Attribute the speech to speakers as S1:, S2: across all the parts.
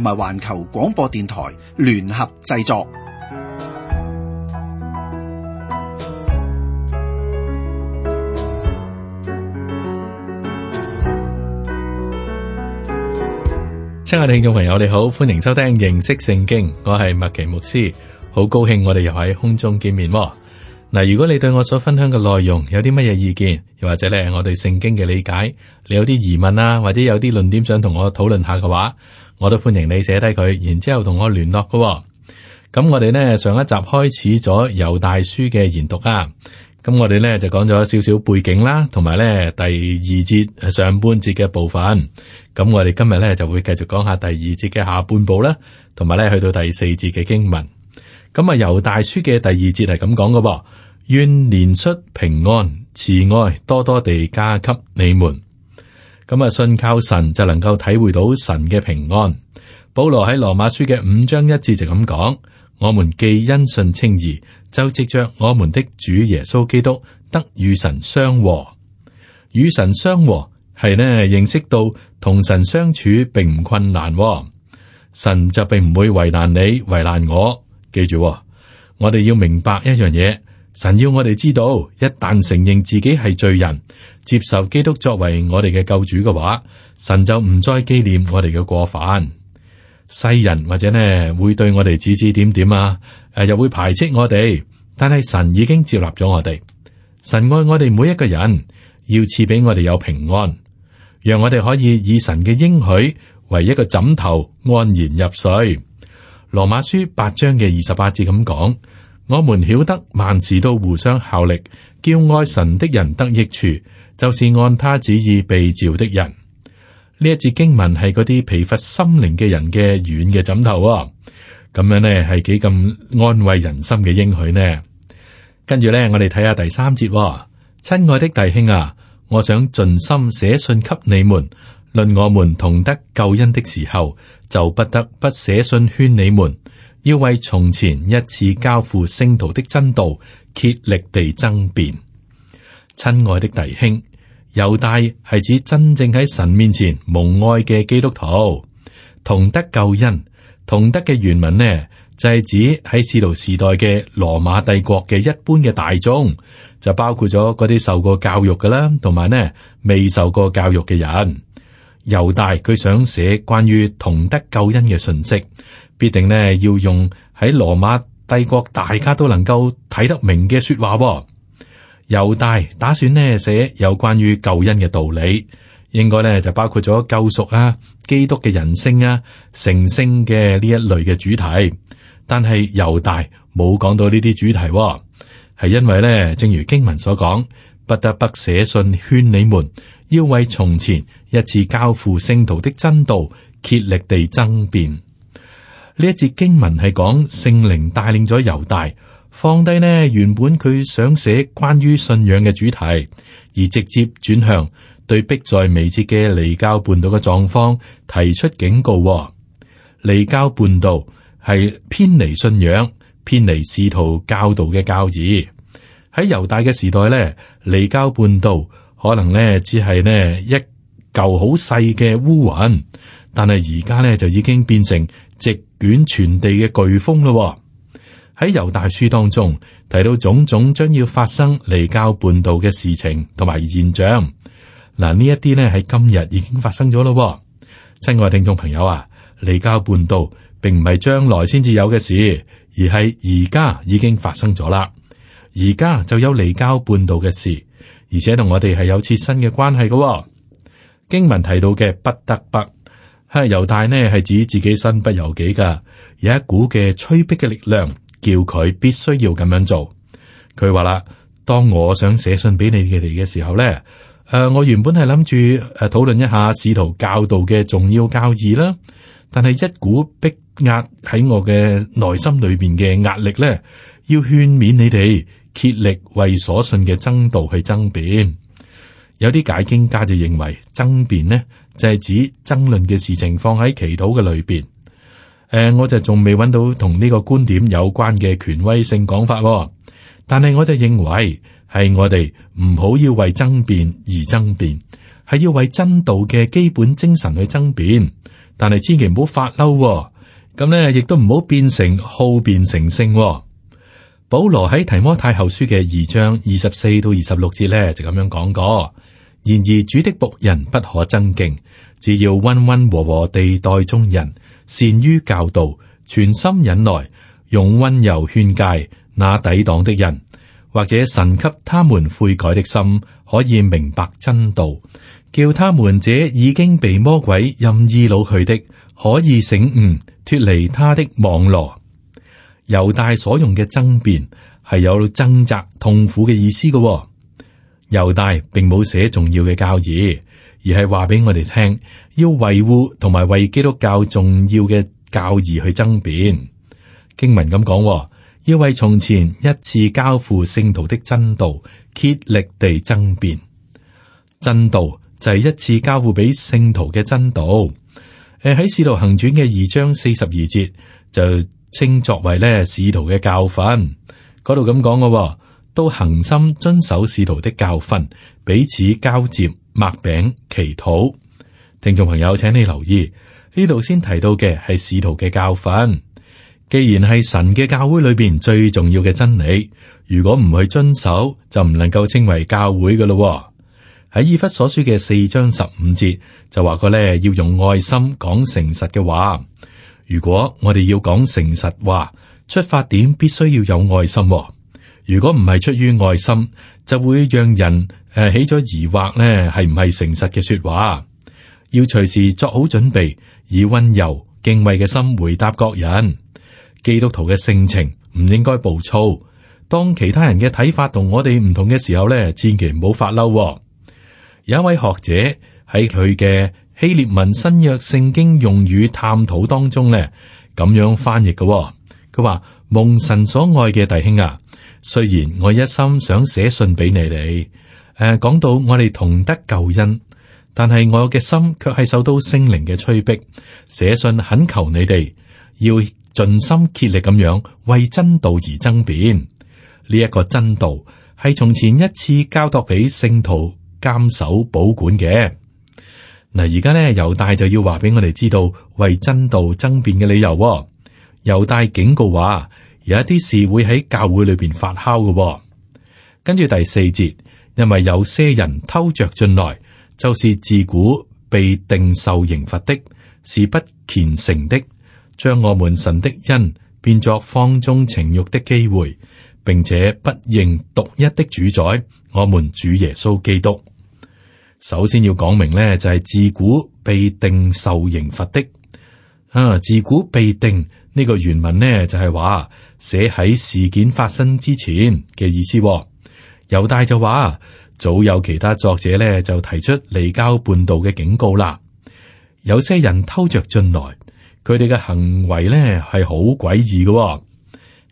S1: 同埋環球廣播電台聯合製作。親愛的聽眾朋友，你好，歡迎收聽認識聖經。我係麥奇牧師，好高興我哋又喺空中見面。嗱，如果你對我所分享嘅內容有啲乜嘢意見，又或者咧我對聖經嘅理解，你有啲疑問啊，或者有啲論點想同我討論下嘅話。我都歡迎你寫低佢，然之後同我聯絡嘅、哦。咁、嗯、我哋呢上一集開始咗猶大書嘅研讀啊，咁、嗯、我哋呢就講咗少少背景啦，同埋呢第二節上半節嘅部分。咁、嗯、我哋今日呢就會繼續講下第二節嘅下半部啦，同埋呢去到第四節嘅經文。咁啊猶大書嘅第二節係咁講嘅、哦，願憐恤平安，慈愛多多地加給你們。咁啊，信靠神就能夠體會到神嘅平安。保羅喺羅馬書嘅五章一節就咁講，我們既因信稱義，就藉着我們的主耶穌基督得與神相和。與神相和係呢，認識到同神相處並唔困難哦。神就並唔會為難你，為難我。記住哦，我哋要明白一樣嘢：神要我哋知道，一旦承認自己係罪人。接受基督作為我哋嘅救主嘅話，神就唔再紀念我哋嘅過犯，世人或者呢會對我哋指指點點啊，誒、呃、又會排斥我哋。但係神已經接納咗我哋，神愛我哋每一個人，要賜俾我哋有平安，讓我哋可以以神嘅應許為一個枕頭安然入睡。羅馬書八章嘅二十八節咁講，我們曉得萬事都互相效力。叫愛神的人得益處，就是按他旨意被召的人。呢一節經文係嗰啲疲乏心靈嘅人嘅軟嘅枕頭，哦，咁樣呢，係幾咁安慰人心嘅應許呢？跟住呢，我哋睇下第三節，哦，親愛的弟兄啊，我想盡心寫信給你們，論我們同得救恩的時候，就不得不寫信勸你們，要為從前一次交付聖徒的真道，竭力地爭辯，親愛的弟兄，猶大係指真正喺神面前蒙愛嘅基督徒，同得救恩同得嘅原文呢，就係、是、指喺使徒時代嘅羅馬帝國嘅一般嘅大眾，就包括咗嗰啲受過教育嘅啦，同埋呢未受過教育嘅人。猶大佢想寫關於同得救恩嘅信息，必定呢要用喺羅馬帝國大家都能夠睇得明嘅說話，猶大打算呢寫有關於救恩嘅道理，應該呢就包括咗救贖啊、基督嘅人性啊、成聖嘅呢一類嘅主題。但係猶大冇講到呢啲主題，係因為呢，正如經文所講，不得不寫信勸你們，要為從前一次交付聖徒的真道，竭力地爭辯。呢一節經文係講聖靈帶領咗猶大放低呢原本佢想寫關於信仰嘅主題，而直接轉向對迫在眉睫嘅離教叛道嘅狀況提出警告。哦。離教叛道係偏離信仰、偏離使徒教導嘅教義。喺猶大嘅時代呢，離教叛道可能呢只係呢一舊好細嘅烏雲，但係而家呢就已經變成直。捲全地嘅颶風咯，喺猶大書當中提到種種將要發生離教叛道嘅事情同埋現象，嗱呢一啲呢喺今日已經發生咗咯、哦。親愛嘅聽眾朋友啊，離教叛道並唔係將來先至有嘅事，而係而家已經發生咗啦。而家就有離教叛道嘅事，而且同我哋係有切身嘅關係嘅、哦。經文提到嘅不得不。係猶大呢，係指自己身不由己噶，有一股嘅催逼嘅力量，叫佢必須要咁樣做。佢話啦，當我想寫信俾你哋嘅時候咧，誒、呃，我原本係諗住誒討論一下使徒教導嘅重要教義啦，但係一股逼壓喺我嘅內心裏邊嘅壓力咧，要勸勉你哋竭力為所信嘅真道去爭辯。有啲解經家就認為爭辯呢？就係指爭論嘅事情放喺祈禱嘅裏邊。誒、呃，我就仲未搵到同呢個觀點有關嘅權威性講法，哦，但係我就認為係我哋唔好要為爭辯而爭辯，係要為真道嘅基本精神去爭辯。但係千祈唔好發嬲，哦，咁呢亦都唔好變成好辯成性，哦。保羅喺提摩太後書嘅二章二十四到二十六節呢，就咁樣講過。然而主的僕人不可爭競，只要溫溫和和地待眾人，善於教導，全心忍耐，用溫柔勸誡那抵擋的人，或者神給他們悔改的心，可以明白真道，叫他們這已經被魔鬼任意擄去的，可以醒悟脱離他的網羅。猶大所用嘅爭辯係有掙扎痛苦嘅意思嘅、哦，猶大並冇寫重要嘅教義。而係話俾我哋聽，要維護同埋為基督教重要嘅教義去爭辯。經文咁講，要為從前一次交付聖徒的真道竭力地爭辯。真道就係一次交付俾聖徒嘅真道。誒喺使徒行傳嘅二章四十二節就稱作為咧使徒嘅教訓。嗰度咁講嘅，都恒心遵守使徒的教訓，彼此交接。麥餅祈禱，聽眾朋友，請你留意呢度先提到嘅係使徒嘅教訓。既然係神嘅教會裏邊最重要嘅真理，如果唔去遵守，就唔能夠稱為教會噶咯喎。喺以弗所書嘅四章十五節就話過咧，要用愛心講誠實嘅話。如果我哋要講誠實話，出發點必須要有愛心喎。如果唔係出於愛心，就會讓人。誒，起咗疑惑呢，係唔係誠實嘅說話？要隨時作好準備，以溫柔敬畏嘅心回答各人。基督徒嘅性情唔應該暴躁。當其他人嘅睇法同我哋唔同嘅時候咧，千祈唔好發嬲喎。有一位學者喺佢嘅《希臘文新約聖經用語探討》當中咧，咁樣翻譯嘅喎。佢話：蒙神所愛嘅弟兄啊，雖然我一心想寫信俾你哋。誒，講、啊、到我哋同得救恩，但係我嘅心卻係受到聖靈嘅催逼，寫信懇求你哋要盡心竭力咁樣為真道而爭辯。呢、這、一個真道係從前一次交託俾聖徒監守保管嘅。嗱、啊，而家呢，猶大就要話俾我哋知道為真道爭辯嘅理由、哦。猶大警告話有一啲事會喺教會裏邊發酵嘅、哦。跟住第四節。因為有些人偷着進來，就是自古被定受刑罰的，是不虔誠的，將我們神的恩變作放縱情欲的機會，並且不認獨一的主宰，我們主耶穌基督。首先要講明呢，就係、是、自古被定受刑罰的啊，自古被定呢、這個原文呢，就係話寫喺事件發生之前嘅意思。猶大就話，早有其他作者咧就提出離交叛道嘅警告啦。有些人偷着進來，佢哋嘅行為咧係好詭異嘅。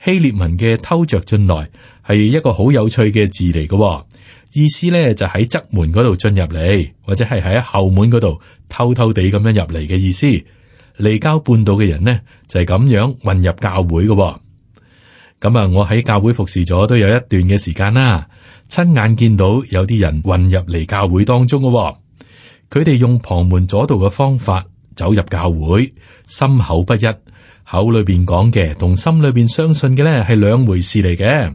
S1: 希臘文嘅偷着進來係一個好有趣嘅字嚟嘅、哦，意思咧就喺、是、側門嗰度進入嚟，或者係喺後門嗰度偷偷地咁樣入嚟嘅意思。離交叛道嘅人呢，就係、是、咁樣混入教會嘅、哦。咁、嗯、啊，我喺教會服侍咗都有一段嘅時間啦。親眼見到有啲人混入嚟教會當中嘅、哦，佢哋用旁門左道嘅方法走入教會，心口不一，口裏邊講嘅同心裏邊相信嘅咧係兩回事嚟嘅。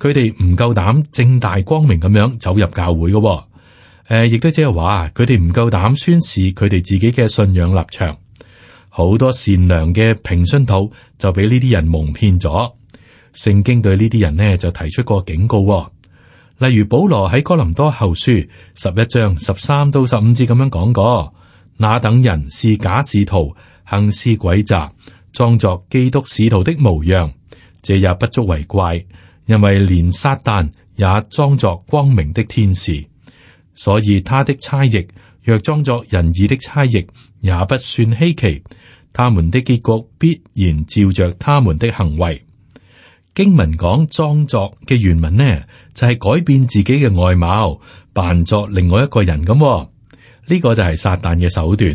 S1: 佢哋唔夠膽正大光明咁樣走入教會嘅、哦，誒、呃，亦都即係話佢哋唔夠膽宣示佢哋自己嘅信仰立場。好多善良嘅平信徒就俾呢啲人蒙騙咗。聖經對呢啲人呢，就提出過警告、哦。例如保羅喺哥林多後書十一章十三到十五節咁樣講過，那等人是假使徒，行事詭詐，裝作基督使徒的模樣，這也不足為怪，因為連撒旦也裝作光明的天使，所以他的差役若裝作仁義的差役，也不算稀奇，他們的結局必然照着他們的行為。經文講裝作嘅原文呢，就係、是、改變自己嘅外貌，扮作另外一個人咁、哦。呢、這個就係撒旦嘅手段。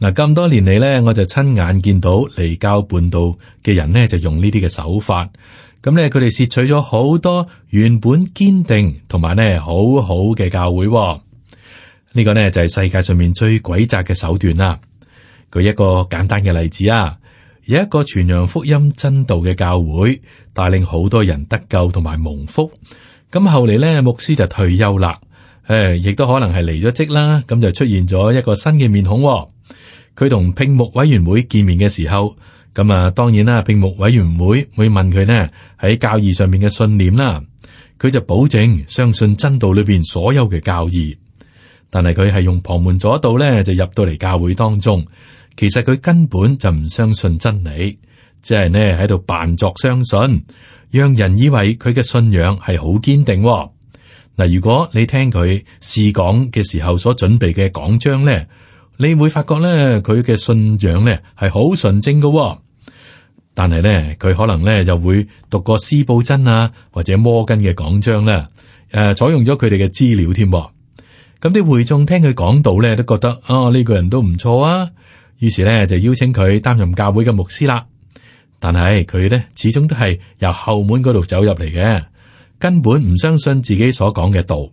S1: 嗱、啊，咁多年嚟呢，我就親眼見到離教半道嘅人呢，就用呢啲嘅手法。咁、嗯、呢，佢哋竊取咗好多原本堅定同埋呢好好嘅教會、哦。呢、這個呢，就係、是、世界上面最詭詐嘅手段啦、啊。舉一個簡單嘅例子啊。有一個傳揚福音真道嘅教會，帶領好多人得救同埋蒙福。咁後嚟咧，牧師就退休啦，誒，亦都可能係離咗職啦。咁就出現咗一個新嘅面孔，哦。佢同聘牧委員會見面嘅時候，咁啊，當然啦，聘牧委員會會問佢呢喺教義上面嘅信念啦。佢就保證相信真道裏邊所有嘅教義，但係佢係用旁門左道咧就入到嚟教會當中。其實佢根本就唔相信真理，即係呢喺度扮作相信，讓人以為佢嘅信仰係好堅定。嗱，如果你聽佢試講嘅時候所準備嘅講章咧，你會發覺咧佢嘅信仰咧係好純正㗎。但係咧佢可能咧又會讀個司布真啊或者摩根嘅講章咧，誒，採用咗佢哋嘅資料添。咁啲會眾聽佢講到咧，都覺得啊呢、哦呢個人都唔錯啊。於是咧就邀請佢擔任教會嘅牧師啦，但係佢咧始終都係由後門嗰度走入嚟嘅，根本唔相信自己所講嘅道。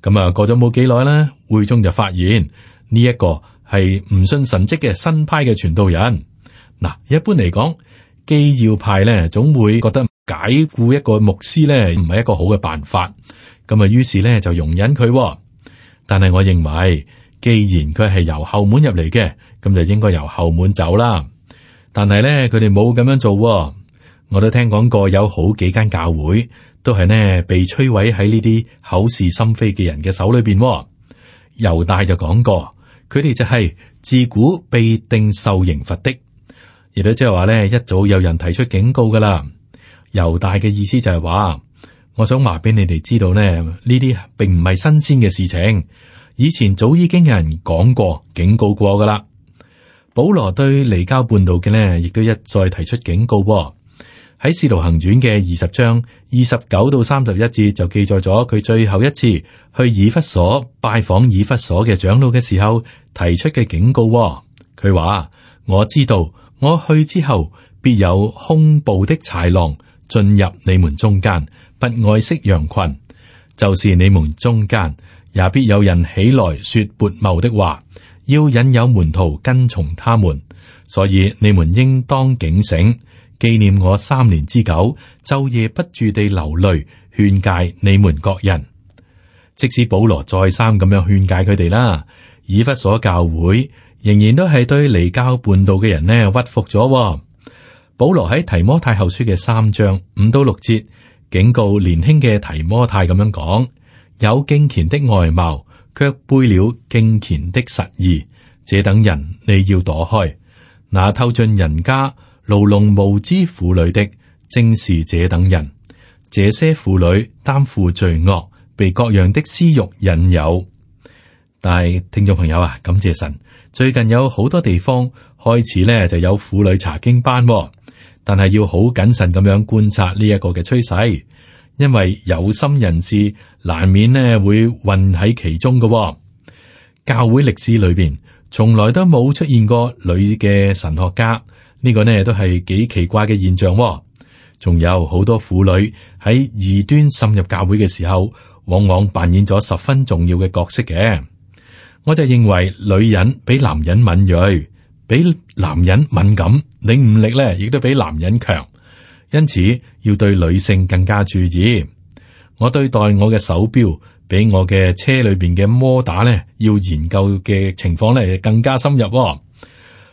S1: 咁啊過咗冇幾耐咧，會中就發現呢一個係唔信神蹟嘅新派嘅傳道人。嗱，一般嚟講，基要派咧總會覺得解雇一個牧師咧唔係一個好嘅辦法。咁啊，於是咧就容忍佢。但係我認為。既然佢係由後門入嚟嘅，咁就應該由後門走啦。但係咧，佢哋冇咁樣做喎。我都聽講過，有好幾間教會都係呢，被摧毀喺呢啲口是心非嘅人嘅手裏邊喎。猶大就講過，佢哋就係自古被定受刑罰的，亦都即係話咧，一早有人提出警告噶啦。猶大嘅意思就係話，我想話俾你哋知道呢，呢啲並唔係新鮮嘅事情。以前早已經有人講過、警告過噶啦。保羅對離經叛道嘅呢，亦都一再提出警告、哦。喺《使徒行傳》嘅二十章二十九到三十一節就記載咗佢最後一次去以弗所拜訪以弗所嘅長老嘅時候提出嘅警告、哦。佢話：我知道我去之後，必有凶暴的豺狼進入你們中間，不愛惜羊群，就是你們中間。也必有人起來說悖謬的話，要引誘門徒跟從他們，所以你們應當警醒，紀念我三年之久，晝夜不住地流淚勸戒你們各人。即使保羅再三咁樣勸戒佢哋啦，以弗所教會仍然都係對離經叛道嘅人呢，屈服咗。保羅喺提摩太後書嘅三章五到六節警告年輕嘅提摩太咁樣講。有敬虔的外貌，卻背了敬虔的實意，這等人你要躲開。那偷進人家牢籠無知婦女的，正是這等人。這些婦女擔負罪惡，被各樣的私欲引誘。但係聽眾朋友啊，感謝神，最近有好多地方開始咧就有婦女查經班喎，但係要好謹慎咁樣觀察呢一個嘅趨勢。因為有心人士難免咧會混喺其中嘅、哦，教會歷史裏邊從來都冇出現過女嘅神學家，呢，這個呢都係幾奇怪嘅現象、哦。仲有好多婦女喺異端滲入教會嘅時候，往往扮演咗十分重要嘅角色嘅。我就認為女人比男人敏銳，比男人敏感，領悟力呢亦都比男人強。因此要對女性更加注意。我對待我嘅手表比我嘅車裏邊嘅摩打咧，要研究嘅情況咧更加深入喎。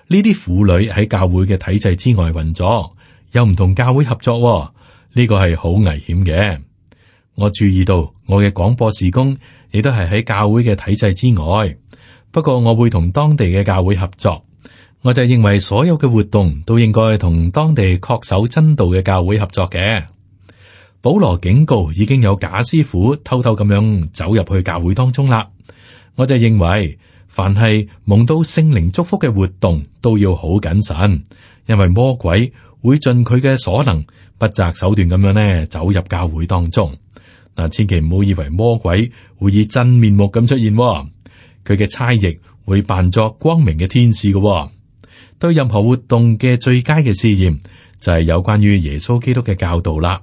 S1: 呢啲婦女喺教會嘅體制之外運作，又唔同教會合作喎，呢個係好危險嘅。我注意到我嘅廣播事工亦都係喺教會嘅體制之外，不過我會同當地嘅教會合作。我就認為所有嘅活動都應該同當地恪守真道嘅教會合作嘅。保羅警告已經有假師傅偷偷咁樣走入去教會當中啦。我就認為凡係蒙到聖靈祝福嘅活動都要好謹慎，因為魔鬼會盡佢嘅所能，不擇手段咁樣咧走入教會當中。嗱，千祈唔好以為魔鬼會以真面目咁出現喎，佢嘅差役會扮作光明嘅天使嘅喎。對任何活動嘅最佳嘅試驗就係有關於耶穌基督嘅教導啦。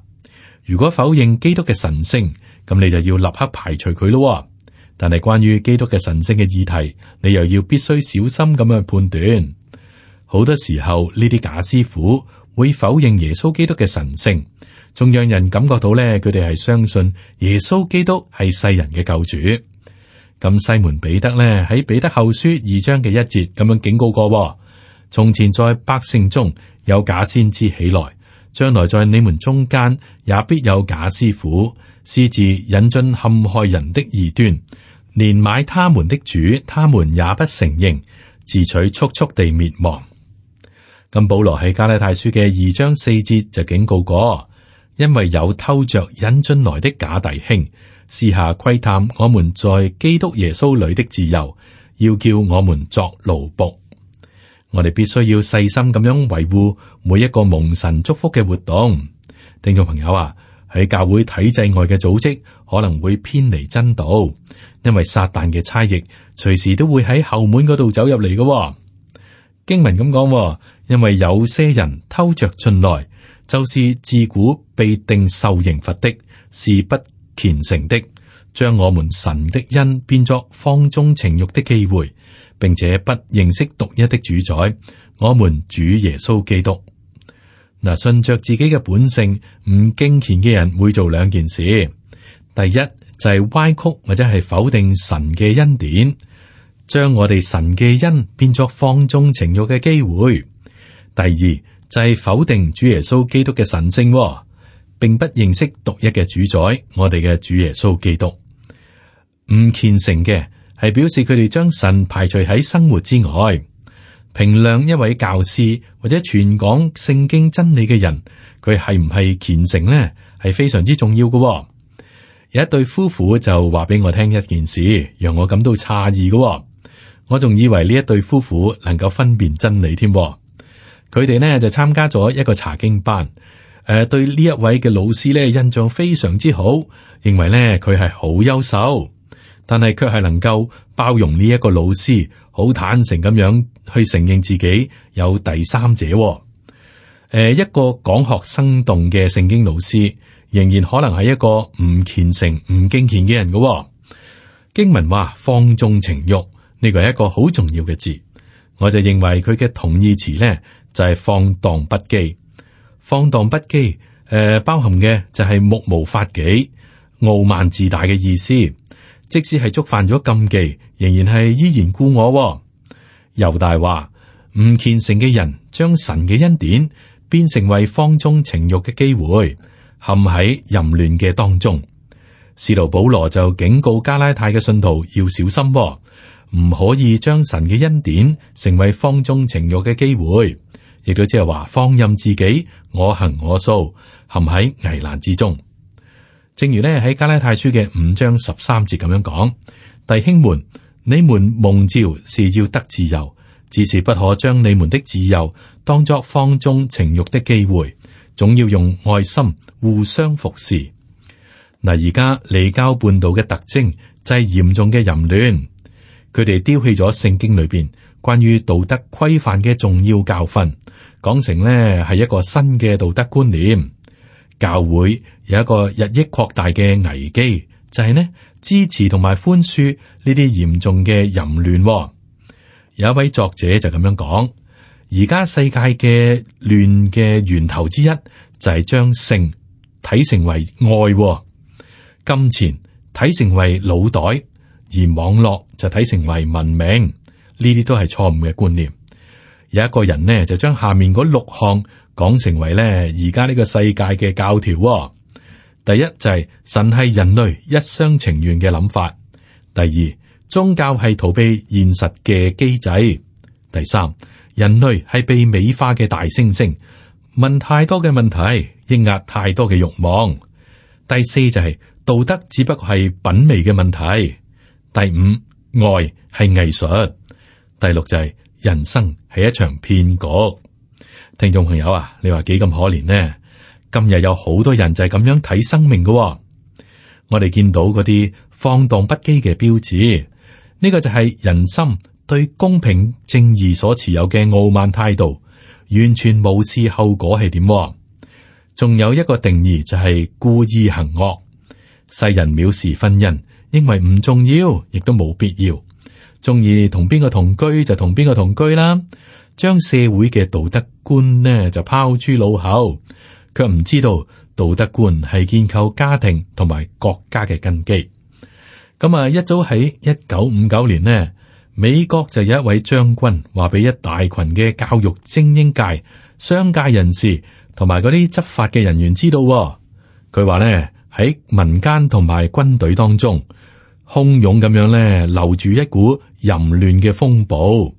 S1: 如果否認基督嘅神聖，咁你就要立刻排除佢咯。但係關於基督嘅神聖嘅議題，你又要必須小心咁樣判斷。好多時候呢啲假師傅會否認耶穌基督嘅神聖，仲讓人感覺到呢，佢哋係相信耶穌基督係世人嘅救主。咁西門彼得呢，喺彼得後書二章嘅一節咁樣警告過。從前在百姓中有假先知起來，將來在你們中間也必有假師傅，私自引進陷害人的異端，連買他們的主，他們也不承認，自取速速地滅亡。咁、嗯、保羅喺加拉太書嘅二章四節就警告過，因為有偷着引進來的假弟兄，私下窺探我們在基督耶穌裏的自由，要叫我們作奴僕。我哋必須要細心咁樣維護每一個蒙神祝福嘅活動，聽眾朋友啊，喺教會體制外嘅組織可能會偏離真道，因為撒旦嘅差役隨時都會喺後門嗰度走入嚟嘅。經文咁講，因為有些人偷着進來，就是自古被定受刑罰的，是不虔誠的，將我們神的恩變作放縱情慾的機會。並且不認識獨一的主宰，我們主耶穌基督。嗱，順着自己嘅本性唔敬虔嘅人會做兩件事：第一就係、是、歪曲或者係否定神嘅恩典，將我哋神嘅恩變作放縱情欲嘅機會；第二就係、是、否定主耶穌基督嘅神聖，並不認識獨一嘅主宰，我哋嘅主耶穌基督唔虔誠嘅。係表示佢哋將神排除喺生活之外。評量一位教師或者全港聖經真理嘅人，佢係唔係虔誠呢？係非常之重要嘅、哦。有一對夫婦就話俾我聽一件事，讓我感到詫異嘅、哦。我仲以為呢一對夫婦能夠分辨真理添、哦。佢哋呢就參加咗一個查經班，誒、呃，對呢一位嘅老師呢印象非常之好，認為呢佢係好優秀。但係，卻係能夠包容呢一個老師，好坦誠咁樣去承認自己有第三者、哦。誒、呃，一個講學生動嘅聖經老師，仍然可能係一個唔虔誠、唔敬虔嘅人的、哦。噶經文話放縱情欲呢個係一個好重要嘅字，我就認為佢嘅同義詞呢就係、是、放蕩不羈。放蕩不羈誒，包含嘅就係目無法紀、傲慢自大嘅意思。即使係觸犯咗禁忌，仍然係依然故我喎。猶大話唔虔誠嘅人，將神嘅恩典變成為放縱情欲嘅機會，陷喺淫亂嘅當中。使徒保羅就警告加拉太嘅信徒要小心喎，唔可以將神嘅恩典成為放縱情欲嘅機會，亦都即係話放任自己，我行我素，陷喺危難之中。正如咧喺加拉太，太書嘅五章十三節咁樣講，弟兄們，你們蒙召是要得自由，只是不可將你們的自由當作放縱情欲的機會，總要用愛心互相服侍。嗱，而家離經叛道嘅特徵就係嚴重嘅淫亂，佢哋丟棄咗聖經裏邊關於道德規範嘅重要教訓，講成呢係一個新嘅道德觀念。教會有一個日益擴大嘅危機，就係、是、呢支持同埋寬恕呢啲嚴重嘅淫亂、哦。有一位作者就咁樣講：而家世界嘅亂嘅源頭之一就係將性睇成為愛、哦，金錢睇成為腦袋，而網絡就睇成為文明。呢啲都係錯誤嘅觀念。有一個人呢就將下面嗰六項。講成為咧，而家呢個世界嘅教條、哦。第一就係、是、神係人類一廂情願嘅諗法。第二，宗教係逃避現實嘅機制。第三，人類係被美化嘅大猩猩，問太多嘅問題，抑壓太多嘅慾望。第四就係、是、道德只不過係品味嘅問題。第五，愛係藝術。第六就係、是、人生係一場騙局。聽眾朋友啊，你話幾咁可憐呢？今日有好多人就係咁樣睇生命嘅、哦，我哋見到嗰啲放蕩不羈嘅標誌，呢個就係人心對公平正義所持有嘅傲慢態度，完全無視後果係點？仲有一個定義就係故意行惡，世人藐視婚姻，認為唔重要，亦都冇必要，中意同邊個同居就同邊個同居啦。將社會嘅道德觀呢就拋諸腦後，卻唔知道道德觀係建構家庭同埋國家嘅根基。咁啊，一早喺一九五九年呢，美國就有一位將軍話俾一大群嘅教育精英界、商界人士同埋嗰啲執法嘅人員知道，哦。佢話呢，喺民間同埋軍隊當中，洶湧咁樣呢流住一股淫亂嘅風暴。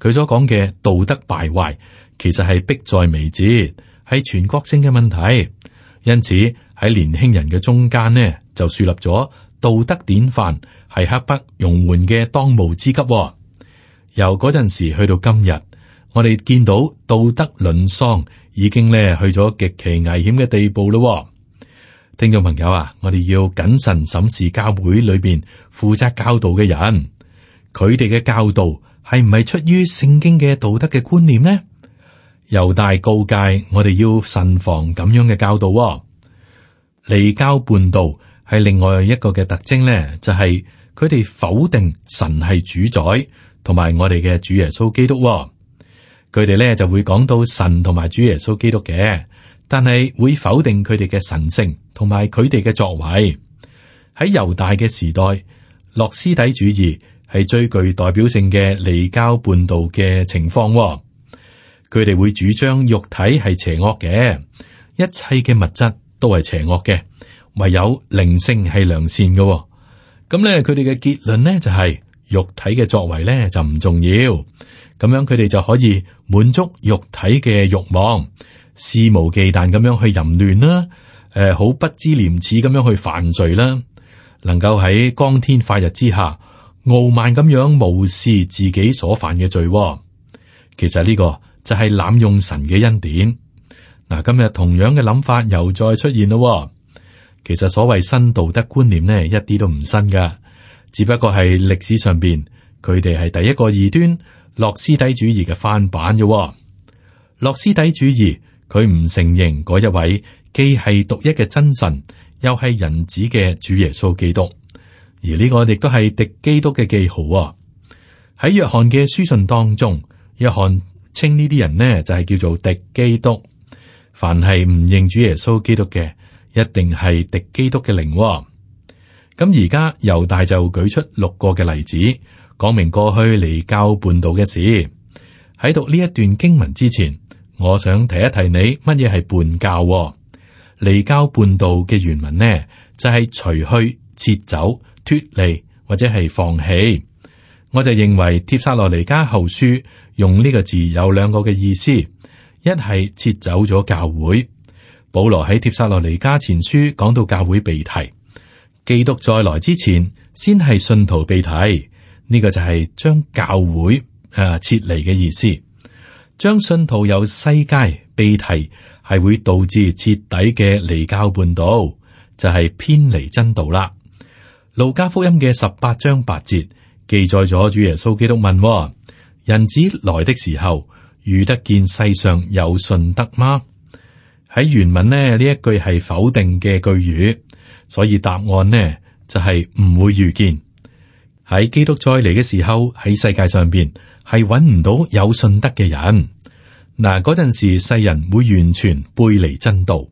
S1: 佢所講嘅道德敗壞，其實係迫在眉睫，係全國性嘅問題。因此喺年輕人嘅中間呢，就樹立咗道德典範，係刻不容緩嘅當務之急哦。由嗰陣時去到今日，我哋見到道德淪喪，已經咧去咗極其危險嘅地步咯哦。聽眾朋友啊，我哋要謹慎審視教會裏邊負責教導嘅人，佢哋嘅教導。係唔係出於聖經嘅道德嘅觀念呢？猶大告誡我哋要慎防咁樣嘅教導、哦。離教叛道係另外一個嘅特徵咧，就係佢哋否定神係主宰，同埋我哋嘅主耶穌基督、哦。佢哋咧就會講到神同埋主耶穌基督嘅，但係會否定佢哋嘅神性同埋佢哋嘅作為。喺猶大嘅時代，諾斯底主義。係最具代表性嘅離經叛道嘅情況、哦，佢哋會主張肉體係邪惡嘅，一切嘅物質都係邪惡嘅，唯有靈性係良善嘅、哦。咁、嗯、咧，佢哋嘅結論咧就係、是、肉體嘅作為咧就唔重要，咁樣佢哋就可以滿足肉體嘅欲望，肆無忌憚咁樣去淫亂啦，誒、呃，好不知廉恥咁樣去犯罪啦，能夠喺光天化日之下。傲慢咁樣無視自己所犯嘅罪、哦，其實呢個就係濫用神嘅恩典。嗱，今日同樣嘅諗法又再出現咯、哦。其實所謂新道德觀念呢，一啲都唔新噶，只不過係歷史上邊佢哋係第一個異端——洛斯底主義嘅翻版啫。洛斯底主義佢唔承認嗰一位既係獨一嘅真神，又係人子嘅主耶穌基督。而呢個亦都係敵基督嘅記號啊、哦！喺約翰嘅書信當中，約翰稱呢啲人呢就係、是、叫做敵基督。凡係唔認主耶穌基督嘅，一定係敵基督嘅靈、哦。咁而家猶大就舉出六個嘅例子，講明過去離教叛道嘅事。喺讀呢一段經文之前，我想提一提你乜嘢係叛教、哦、離教叛道嘅原文呢？就係、是、除去、撤走。脫離或者係放棄，我就認為帖撒羅尼迦後書用呢個字有兩個嘅意思，一係撤走咗教會。保羅喺帖撒羅尼迦前書講到教會被提，基督再來之前，先係信徒被提，呢、這個就係將教會啊撤離嘅意思。將信徒由世界被提，係會導致徹底嘅離教叛道，就係、是、偏離真道啦。路加福音嘅十八章八節記載咗主耶穌基督問、哦：人子來的時候，遇得見世上有信德嗎？喺原文呢，呢一句係否定嘅句語，所以答案呢就係、是、唔會遇見。喺基督再嚟嘅時候，喺世界上邊係揾唔到有信德嘅人。嗱，嗰陣時世人會完全背離真道。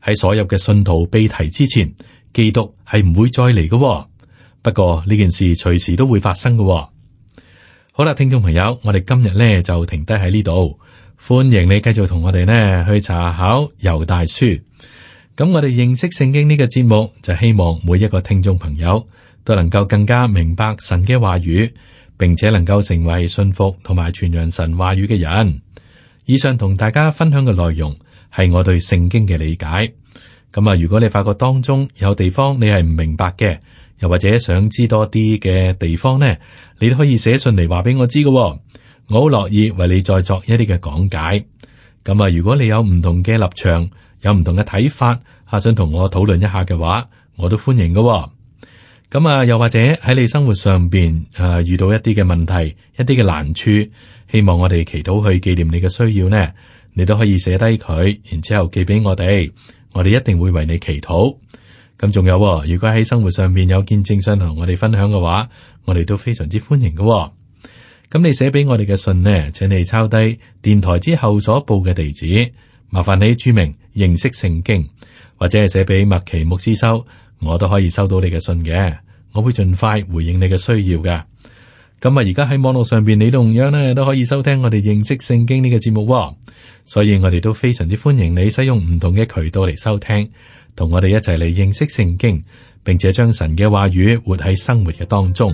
S1: 喺所有嘅信徒被提之前。基督係唔會再嚟㗎喎，不過呢件事隨時都會發生㗎喎。好啦，聽眾朋友，我哋今日呢就停低喺呢度，歡迎你繼續同我哋呢去查考《猶大書》。咁我哋認識聖經呢個節目，就希望每一個聽眾朋友都能夠更加明白神嘅話語，並且能夠成為信服同埋傳揚神話語嘅人。以上同大家分享嘅內容，係我對聖經嘅理解。咁啊，如果你發覺當中有地方你係唔明白嘅，又或者想知多啲嘅地方呢，你都可以寫信嚟，話俾我知嘅。我好樂意為你再作一啲嘅講解。咁啊，如果你有唔同嘅立場，有唔同嘅睇法，啊，想同我討論一下嘅話，我都歡迎嘅。咁啊，又或者喺你生活上邊啊，遇到一啲嘅問題，一啲嘅難處，希望我哋祈禱去紀念你嘅需要呢，你都可以寫低佢，然之後寄俾我哋。我哋一定會為你祈禱。咁仲有，哦，如果喺生活上面有見證信同我哋分享嘅話，我哋都非常之歡迎嘅，哦。咁你寫俾我哋嘅信呢，請你抄低電台之後所報嘅地址，麻煩你注明認識聖經，或者係寫俾麥奇牧師收，我都可以收到你嘅信嘅。我會盡快回應你嘅需要嘅。咁啊，而家喺網絡上邊，你同樣咧都可以收聽我哋認識聖經呢個節目喎，所以我哋都非常之歡迎你使用唔同嘅渠道嚟收聽，同我哋一齊嚟認識聖經，並且將神嘅話語活喺生活嘅當中。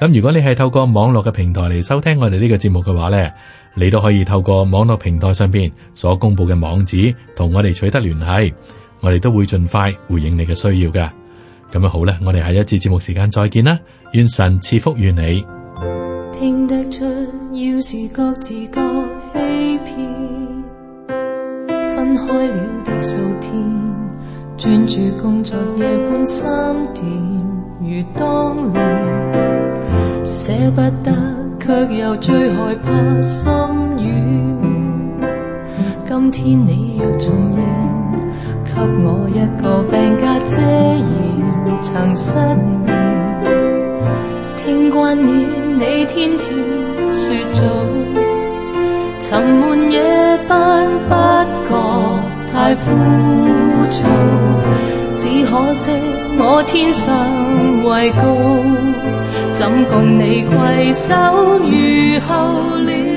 S1: 咁如果你係透過網絡嘅平台嚟收聽我哋呢個節目嘅話咧，你都可以透過網絡平台上邊所公布嘅網址，同我哋取得聯繫，我哋都會盡快回應你嘅需要嘅。咁樣好啦，我哋下一次節目時間再見啦，願神賜福與你。聽得出，要是各自各欺騙，分開了的數天，專注工作夜半三點，如當年，捨不得，卻又最害怕心軟。今天你若重現，給我一個病假遮掩，曾失眠，天關了。你天天說早，沉悶夜班不覺太枯燥，只可惜我天生畏高，怎共你攜手雨後了？